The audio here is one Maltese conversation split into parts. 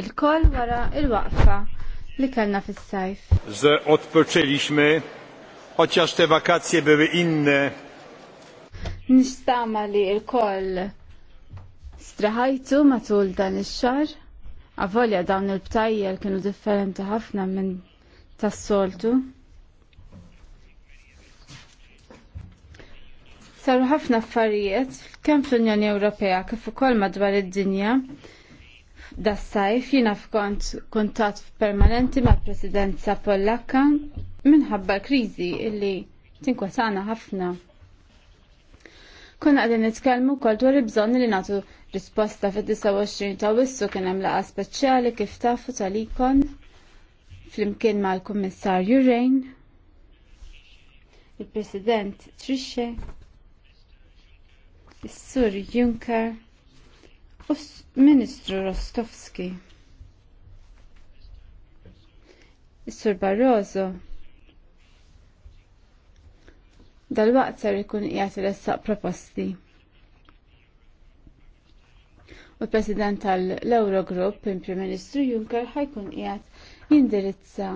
il-koll wara il-waqfa li kellna fis-sajf. odpoczęliśmy, chociaż te wakacje były inne. Nistama li il-koll straħajtu matul dan ix-xar, avolja dawn il-btajjel kienu differenti ħafna minn tas-soltu. Saru ħafna affarijiet kemm fl-Unjoni Ewropea kif ukoll madwar id-dinja das-sajf jina f'kont kontat permanenti mal presidenza Pollakka minħabba l-kriżi illi tinkwasana ħafna. Konna għadin nitkellmu kol dwar il-bżonn li nagħtu risposta fid-29 ta' wissu kien hemm laqgħa speċjali kif tafu tal-ikon flimkien mal-Kummissarju Rejn, il-President Trisce, is-Sur Juncker, Ministru Rostovski. Is-Sur Barroso dal-waqt ser ikun qiegħed iressaq proposti. U l-President tal-Eurogroup, il-Prim Ministru Juncker, ħajkun qiegħed jindirizza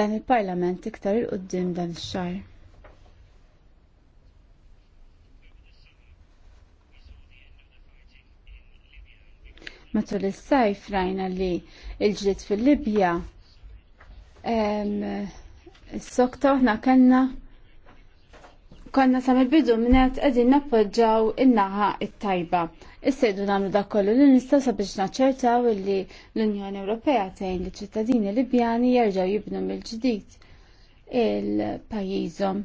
dan il-Parlament iktar il-qoddim dan ix-xahar. matul is-sajf rajna li l-ġlied fil-Libja s-sokta aħna kellna konna sam il-bidu minnet għedin nappoġġaw il-naħa il tajba Issejdu namlu da kollu li nistaw sabiex naċċertaw li l-Unjoni Ewropea tgħin li ċittadini Libjani jerġgħu jibnu mill-ġdid il-pajjiżhom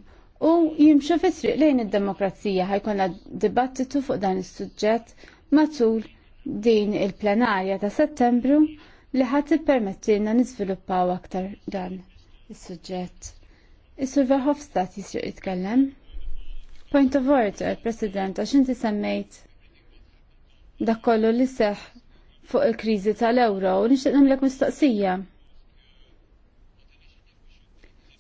u jimxu fitriq lejn id-demokrazija ħajkonna dibattitu fuq dan is-suġġett matul din il-plenarja ta' settembru li ħadd ippermettilna niżviluppaw aktar dan is-suġġett. Is-Sur Verhofstadt jisriq jitkellem. Point of order, President, għax inti semmejt dak kollu li seħ fuq il-kriżi tal-euro u nixtieq nagħmlek mistoqsija.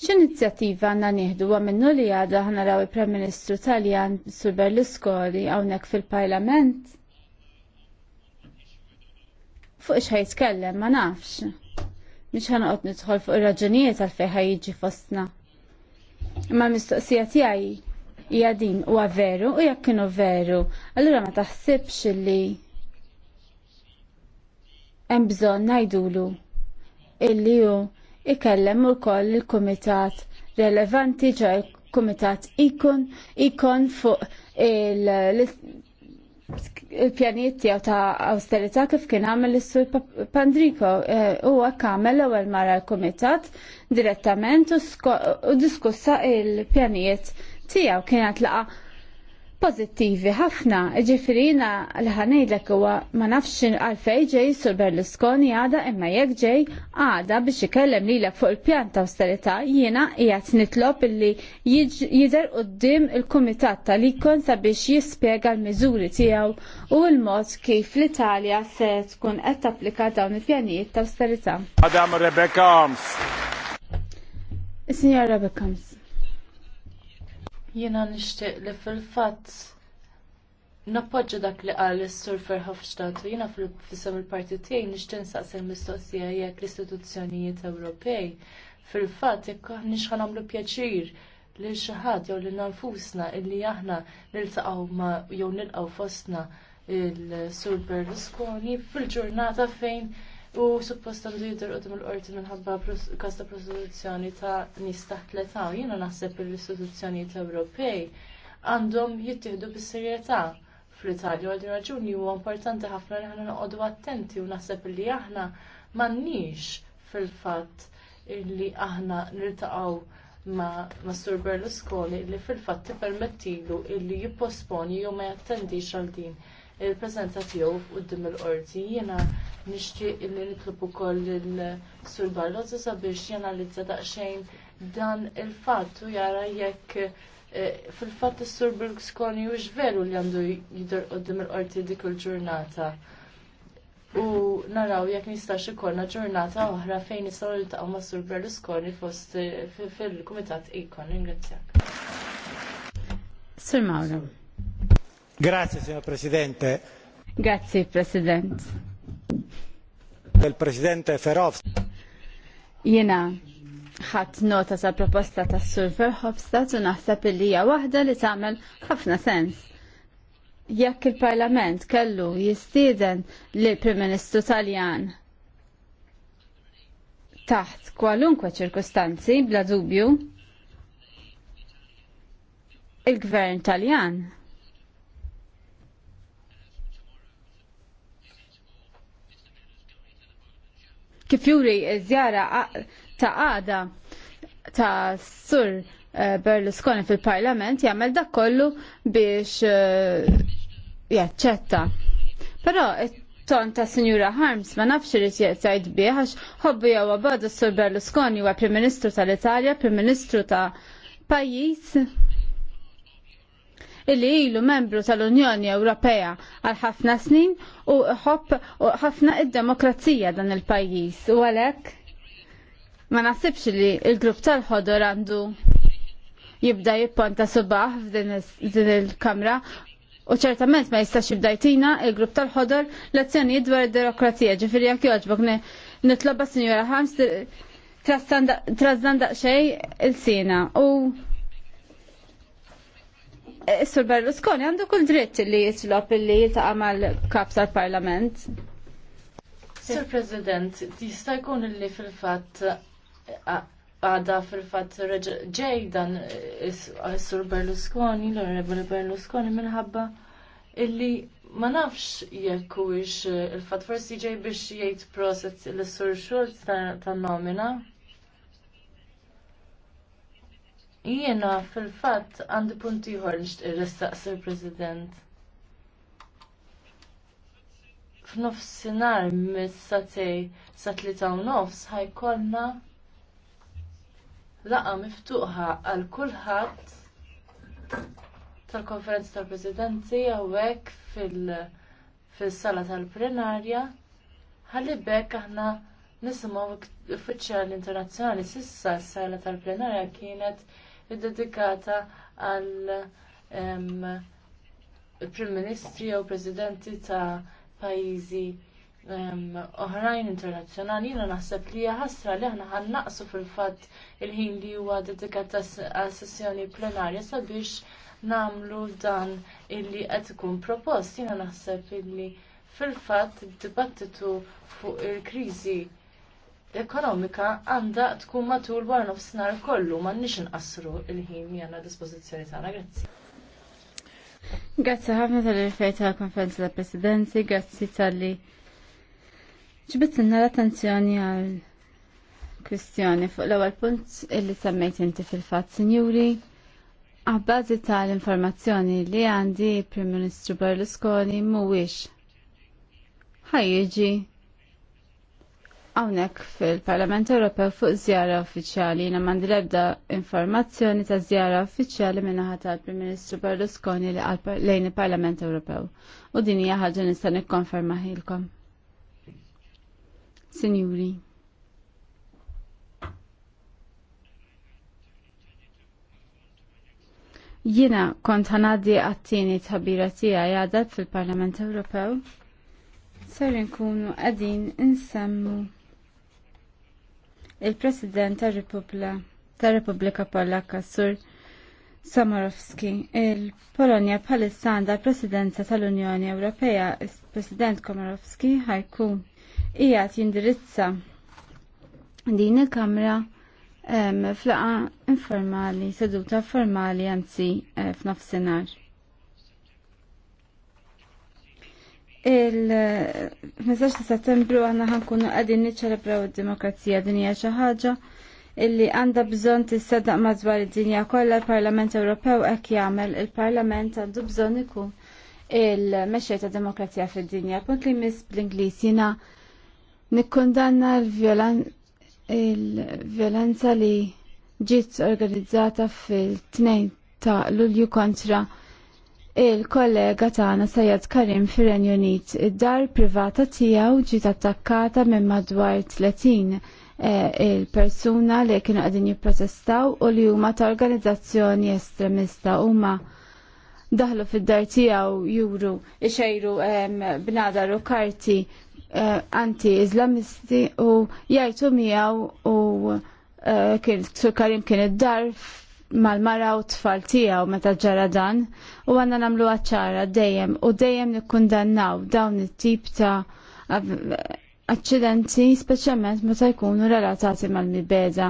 X'inizjattiva għandna nieħdu minnu li għadha ħanaraw il-Prem Ministru Taljan Sur Berlusconi hawnhekk fil-Parlament? fuq ix ħajtkellem ma nafx. Mhix ħanoqgħod nidħol fuq ir-raġunijiet għal ħaj jiġi fostna. Imma mistoqsija tiegħi hija din huwa veru u jekk kienu veru, allura ma taħsibx li hemm bżonn ngħidulu illi hu ikellem ukoll il-kumitat relevanti ġo il-kumitat ikun ikun fuq il il-pjaniet tiegħu ta' austerità kif kien għamel is-sur Pandriko eh, huwa kamel ewwel mara l-kumitat direttament u diskussa il-pjanijiet tiegħu kienet laqa' pozittivi ħafna, ġifirina jina l-ħanejdlek huwa ma nafx għalfej ġej sur Berlusconi għada imma jekk ġej għada biex ikellem lilek fuq il-pjan ta' jgħat jiena qiegħed nitlob illi jidher qudiem il-kumitat tal sa sabiex jispjega l-miżuri tiegħu u l-mod kif l-Italja se tkun qed tapplika dawn il-pjanijiet ta' austerità. Madam Rebecca Arms. Signor Rebecca Arms. Jiena nixtieq li fil-fatt Nappoġġa dak li qal is-Sur Verhofstadt u jiena fil-fisem il-parti tiegħi nixtieq nsaqsi l-mistoqsija jekk l-istituzzjonijiet Ewropej fil-fatt jekk aħniex nagħmlu pjaċir lil xi ħadd jew lil nfusna illi aħna niltaqgħu ma jew nilqgħu fostna il-Sur Berlusconi fil-ġurnata fejn u suppost għandu jidher qudiem qorti minħabba kasta ta' prostituzzjoni ta' nies taħt l-età u jiena naħseb l-istituzzjonijiet Ewropej għandhom jittieħdu bis-serjetà fl-Italja għal raġuni huwa importanti ħafna li ħana noqogħdu attenti u naħseb li aħna m'għandniex fil-fatt li aħna niltaqgħu ma, Mastur Berlusconi li fil-fatt permettilu illi jipposponi jew ma jattendix għal din il-prezenta tiegħu quddiem il-qorti jiena nixtieq illi nitlob ukoll il-Sur Barroso sabiex janalizza daqsxejn dan il-fatt u jara jekk eh, fil-fatt is-Sur Berlusconi u veru li għandu jidur u il-qorti dik il-ġurnata. U naraw jekk nistax ikollna ġurnata oħra fejn nistgħu niltaqgħu ma' Sur Berlusconi fost eh, fil-Kumitat Ikon. Ringrazzjak. Sir Mauro. Grazie, signor Presidente. Grazie, President il presidente Ferov. Jena ħadd nota ta' proposta tas Sur Verhofstadt u naħseb li hija waħda li tagħmel ħafna sens. Jekk il-Parlament kellu jistieden lill prim Ministru Taljan taħt kwalunkwe ċirkustanzi bla dubju il-Gvern Taljan kif juri żjara ta' għada ta' sur eh, Berlusconi fil-parlament jagħmel dak kollu biex eh, jaċċetta. Però ton ta' Sinjura Harms ma nafx irid jgħid bih għax ħobbi jew abadu sur Berlusconi huwa Prim Ministru tal-Italja, Prim Ministru ta' pajjiż illi ilu membru tal-Unjoni Ewropea għal ħafna snin u ħobb ħafna id-demokrazija dan il-pajjiż u għalhekk ma naħsibx li il-grupp tal-ħodor għandu jibda jipponta subaħ f'din il-kamra U ċertament ma jistax jibdajtina il-grupp tal-ħodor l dwar id-demokrazija. Ġifiri jak joġbok nitloba Sinjora Hams trazzanda xej il-sina. U Sur Berlusconi għandu kull dritt li jitlob li jiltaqa' mal-kap tal-Parlament. Sur President, jista' jkun li fil-fatt għada fil-fatt ġejdan Sur Berlusconi, l-Onorevoli Berlusconi minħabba illi ma nafx jekk huwiex il-fatt forsi ġej biex jgħid proset l-Sur Schulz tan-nomina Jiena fil-fatt għandi punt ieħor nixtieq nistaqsi President. F'nofsinhar mis-satej sa tlieta u nofs ħajkollna laqa miftuqa għal kulħadd tal-konferenza tal-Presidenti hawnhekk fil-sala tal-plenarja ħalli bekk aħna nisimgħu uffiċjali internazzjonali sissa s-sala tal-plenarja kienet id-dedikata għal prim ministri jew presidenti ta' pajjiżi oħrajn internazzjonali jiena naħseb li hija ħasra li aħna ħannaqsu fil-fatt il-ħin li huwa dedikat għal sessjoni plenarja sabiex nagħmlu dan illi qed ikun propost. Jiena naħseb illi fil-fatt id-dibattitu fuq il-kriżi ekonomika għandha tkun matul wara nofsinhar kollu m'għandniex inqassru il-ħin li għandna dispożizzjoni tagħna. Grazzi. Grazzi ħafna tal fejt tal-konferenza tal presidenzi grazzi tal-li ġbittinna l-attenzjoni għal kwistjoni fuq l-ewwel punt illi semmejt inti fil-fatt, Sinjuri. Għabbażi tal-informazzjoni li għandi il-Prim Ministru Berlusconi mhuwiex ħajjiġi Hawnhekk fil-Parlament Ewropew fuq żjara uffiċjali jiena m'għandi l-ebda informazzjoni ta' żjara uffiċjali minnaħa tal-Prim Ministru Berlusconi li lejn il-Parlament Ewropew. U din hija ħaġa nista' nikkonferma ħilkom. Sinjuri. Jina kont ħanaddi għattini tħabira tija jadab fil-Parlament Ewropew. Ser nkunu għadin insemmu il-President tar repubblika Polakka Sur Samorowski. Il-Polonja palissanda għandha presidenza tal-Unjoni Ewropea, il-President Komorowski ħajkun ijat jindirizza din il-Kamra flaqa informali, seduta formali anzi eh, f'nofsinhar. Il-15 ta' settembru għanna ħankunu għadin niċċelebraw id-demokrazija dinja xi ħaġa illi għanda bżon tissadaq mażwar id-dinja kollha l-Parlament Ewropew hekk jagħmel il-Parlament għandu bżon ikun il-mexxej ta' demokrazija fid-dinja. Punt li miss bl-Ingliż jiena nikkundanna l-vjolenza li ġiet organizzata fil tnejn ta' Lulju kontra il-kollega tagħna Sajjad Karim fir-Renju Unit id-dar privata tiegħu ġiet attakkata minn madwar 30 eh, il-persuna li kienu qegħdin jipprotestaw u li huma ta' organizzazzjoni estremista huma daħlu fid-dar tiegħu juru ixejru bnadar eh, u karti anti-Islamisti u jajtu miegħu u eh, kien Karim kien id-dar mal-mara u tfal tiegħu meta ġara dan u għanna namlu ċara dejjem u dejjem nikkundannaw dawn it-tip ta' accidenti speċjalment meta jkunu relatati mal-mibeda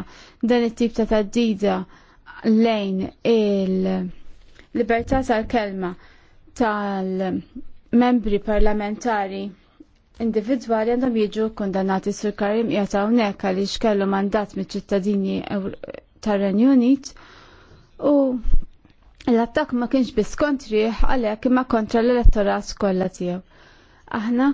dan it-tip ta' taddida lejn il-libertà tal-kelma tal-membri parlamentari individwali għandhom jiġu kondannati sur karim jgħataw nek għaliex kellu mandat mit ċittadini tar-Renju Unit U l-attak ma kienx biss kontriħ għalhekk imma kontra l-elettorat kollha tiegħu. Aħna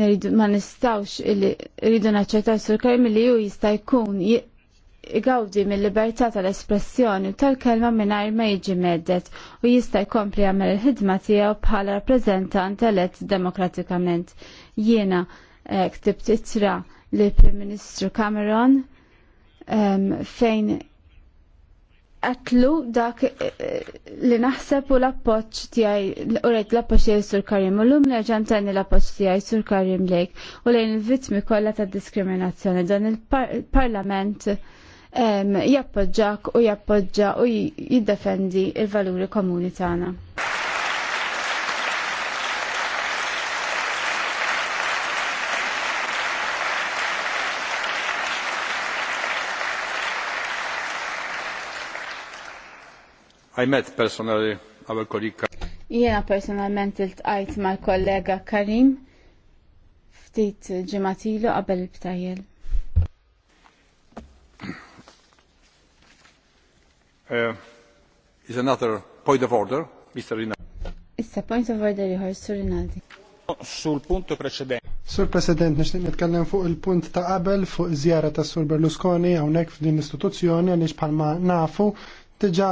nridu ma nistawx illi rridu naċċettaw sur krim li ju jista' jkun igawdi mill-libertà tal-espressjoni u tal-kelma mingħajr ma jiġi meddet u jista' jkompli jagħmel il-ħidma tiegħu bħala rappreżentant elett demokratikament. Jiena eh, ktibt ittra lill prim Ministru Cameron fejn għatlu dak eh, eh, li naħseb u l-appoċ tijaj, u rejt l-appoċ tijaj sur karim, u l-lum nerġan tani l-appoċ tijaj sur karim lejk, u lejn il-vitmi kolla ta' diskriminazzjoni, dan il-parlament jappoġġak u jappoġġa u jiddefendi il-valuri komuni tagħna. I met personally our colleague. Jiena personalment il-tqajt mal-kollega Karim ftit ġematilu qabel il-btajjel. Uh, eh, is another point of order, Mr. Rinaldi. Issa point of order jħor Sur Rinaldi. Sul punto precedente. Sur President, nixtieq nitkellem fuq il-punt ta' qabel fuq iż-żjara ta' Sur Berlusconi hawnhekk f'din l-istituzzjoni għaliex bħalma nafu diġa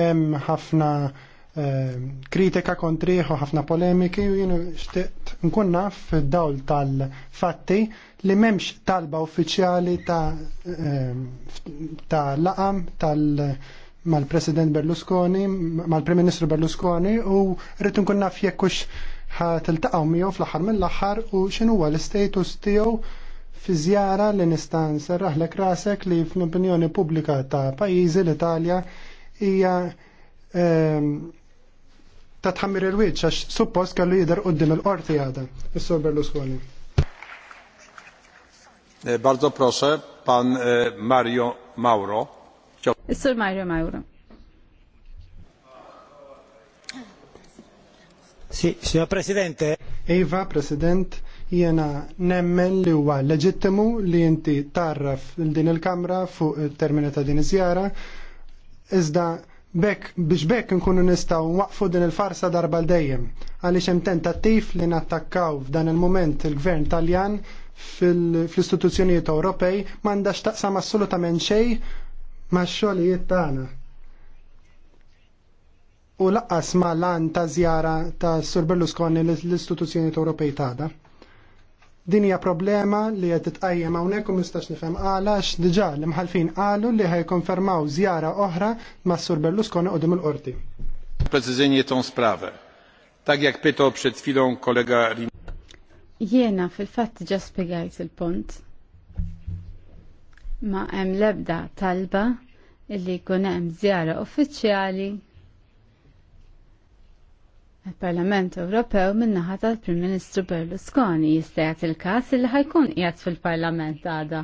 hemm ħafna eh, kritika kontriħu ħafna polemiki u jienu xtiqt nkun naf dawl tal-fatti li memx talba uffiċjali ta' eh, ta' laqam tal- president Berlusconi, mal-Prim Ministru Berlusconi u rrit nkun naf jekkux ħatiltaqgħu miegħu fl-aħħar mill-aħħar u xinu huwa l-istatus tiegħu fi żjara li nista' nserraħlek rasek li fl-opinjoni pubblika ta' pajjiżi l-Italja hija ehm, ta' tħammir il-wiċ, għax suppost kallu jider uddim il-qorti għada, il-Sor Berlusconi. Eh, Bardzo proszę, pan eh, Mario Mauro. Il-Sor Mario Mauro. Si, signor Presidente. Eva, Presidente, jena nemmen li huwa leġittimu li inti tarraf din il-Kamra fuq il-termini ta' din iż-żjara Iżda bekk biex bekk nkunu nistgħu waqfu din il-farsa darba l dejjem għaliex hemm tentattiv li nattakkaw f'dan il-mument il-Gvern Taljan fl-istituzzjonijiet Ewropej m'għandax taqsam assolutament xejn max-xogħlijiet tagħna. U laqqas ma lan ta' żjara ta' Sur Berlusconi l-istituzzjonijiet Ewropej tagħna. Din hija problema li qed titqajjem hawnhekk u mistax nifhem qala għax diġà l-imħalfin qalu li ħajkonfermaw żjara oħra mas Sur Berlusconi qudiem l qorti Precyzyjnie tą sprawę. Tak jak pytał przed chwilą kolega Rin. Jiena fil-fatt ġa spiegajt il-punt. Ma hemm l-ebda talba illi jkun hemm żjara uffiċjali Il-Parlament Ewropew minnaħa tal-Prim Ministru Berlusconi jista' jagħti il-każ li ħajkun qiegħed fil-Parlament għada.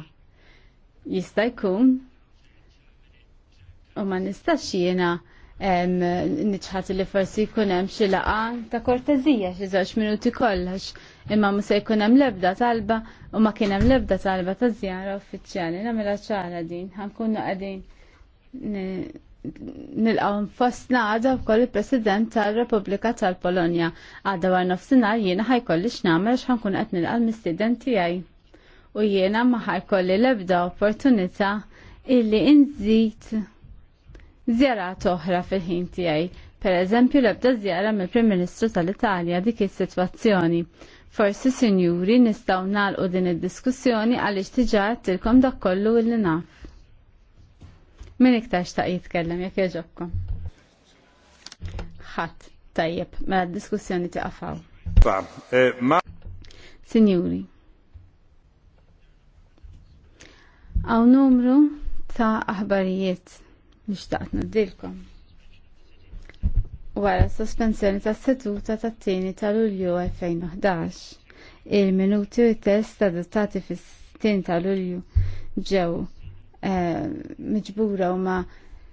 Jista' jkun u ma nistax jiena niċħati li forsi jkun hemm xi laqgħa ta' kortezija xi żewġ minuti kollox imma mhux se jkun hemm l-ebda talba u ma kien hemm l-ebda talba ta' żjara uffiċjali nagħmilha ċara din ħankun qegħdin nilqaw nfostna għada wkoll il-President tal-Repubblika tal-Polonja. Għada war nofsinhar jiena ħajkolli x'nagħmel ħankun qed nilqa' l-mistieden tiegħi. U jiena ma ħajkolli l-ebda opportunità illi inżid żjarat oħra fil-ħin tiegħi. Per eżempju l-ebda żjara mill-Prim Ministru tal-Italja dik is-sitwazzjoni. Forsi sinjuri nistgħu nagħlqu din id-diskussjoni għaliex tiġa tilkom dak kollu illi naf. Min iktar xtaq jitkellem jekk jogħġobkom. Ħadd tajjeb, mela d-diskussjoni tiqafaw. Eh, Signori, Għaw numru ta' aħbarijiet nixtaqt naddilkom wara sospensjoni tas seduta tat-tieni ta' Lulju 2011. Il-minuti u test adottati fis tini ta' Lulju ġew Eh, miġbura u ma'